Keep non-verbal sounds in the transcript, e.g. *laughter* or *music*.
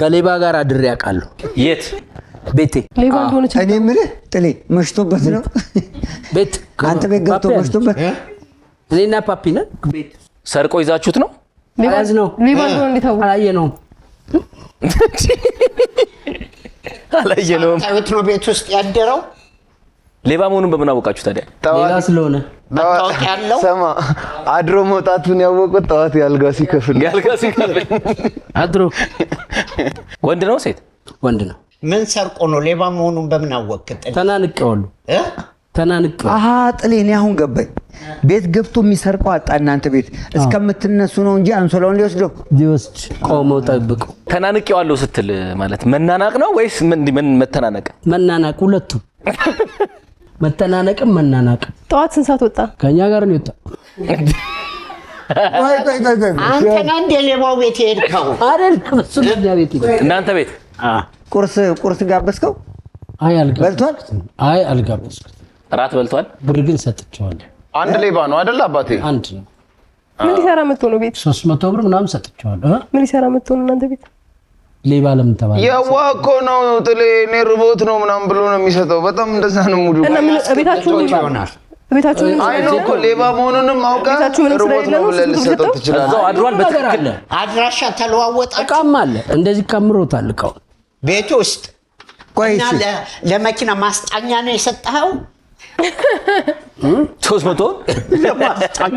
ከሌባ ጋር አድሬ አውቃለሁ። የት ቤቴ? እኔ የምልህ ጥሌ መሽቶበት ነው ቤት አንተ ቤት ገብቶ መሽቶበት፣ እኔና ፓፒ ነን። ቤት ሰርቆ ይዛችሁት ነው? ያዝ ነው። ሌባ እንደሆነ እንዲታወቅ አላየነውም፣ *laughs* አላየነውም። ቤት ውስጥ ያደረው ሌባ መሆኑን በምን አወቃችሁ ታዲያ? ሌባ ስለሆነ ሰማ አድሮ መውጣቱን ያወቁት ጠዋት ያልጋ ሲከፍል ያልጋ ሲከፍል አድሮ። ወንድ ነው ሴት? ወንድ ነው። ምን ሰርቆ ነው ሌባ መሆኑን በምን አወቅ? ተናንቀዋሉ ተናንቀ አሀ ጥሌ፣ እኔ አሁን ገባኝ። ቤት ገብቶ የሚሰርቀው አጣ። እናንተ ቤት እስከምትነሱ ነው እንጂ አንሶላውን ሊወስደው ሊወስድ ቆመው ጠብቁ። ተናንቄዋለሁ ስትል ማለት መናናቅ ነው ወይስ ምን? መተናነቅ መናናቅ፣ ሁለቱም *laughs* መተናነቅም መናናቅም። ጠዋት ስንት ሰዓት ወጣ? ከእኛ ጋር ነው የወጣ። ቤት ቤት እናንተ ቤት ቁርስ ቁርስ ጋበዝከው? አይ በልቷል። አይ አልጋበዝኩም። እራት በልቷል። ብር ግን ሰጥቼዋለሁ። አንድ ሌባ ነው አይደል? አባቴ አንድ ነው። ምን ሊሰራ መጥቶ ነው ቤት? ሶስት መቶ ብር ምናምን ሰጥቼዋለሁ። ምን ሊሰራ መጥቶ ነው እናንተ ቤት? ሌባ ለምን ተባለ? ያዋህ እኮ ነው ጥሌ እኔ ርቦት ነው ምናምን ብሎ ነው የሚሰጠው። በጣም እንደዛ ነው ሙሉ እኮ ሌባ መሆኑንም አውቃ ርቦት ነው ብለህ ልትሰጠው ትችላለህ። አድሯል። በትክክል አድራሻ ተለዋወጣ። እቃም አለ እንደዚህ ከምሮታል እቃውን ቤት ውስጥ እና ለመኪና ማስጣኛ ነው የሰጠኸው ሶስት መቶ